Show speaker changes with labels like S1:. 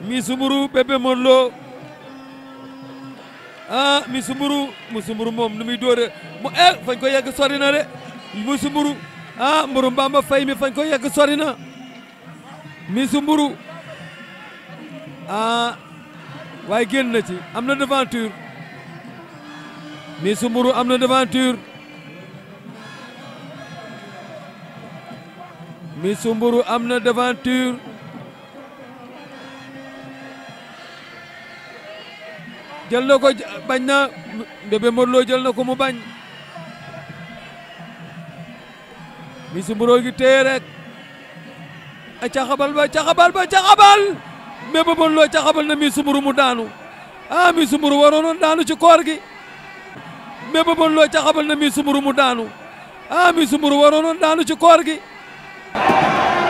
S1: mi sumburu bébé Modou Lo ah mi sumburu mu sumburu moom nu muy dóore mu eh fañ ko yegg sori na de mi sumburu ah mburu Bamba Faye mi fañ ko yegg sori na mi sumburu ah waaye génn na ci am na devanture mi sumburu am na devanture mi sumburu am na devanture jël na ko bañ na Bébé Modou Lo jël na ko mu bañ Miss Mboro gi téye rek a caxabal ba caxabal ba caxabal Bébé Modou Lo caxabal na Miss Mboro mu daanu ah Miss Mboro waroon daanu ci koor gi Bébé Modou Lo caxabal na Miss Mboro mu daanu ah Miss daanu ci koor gi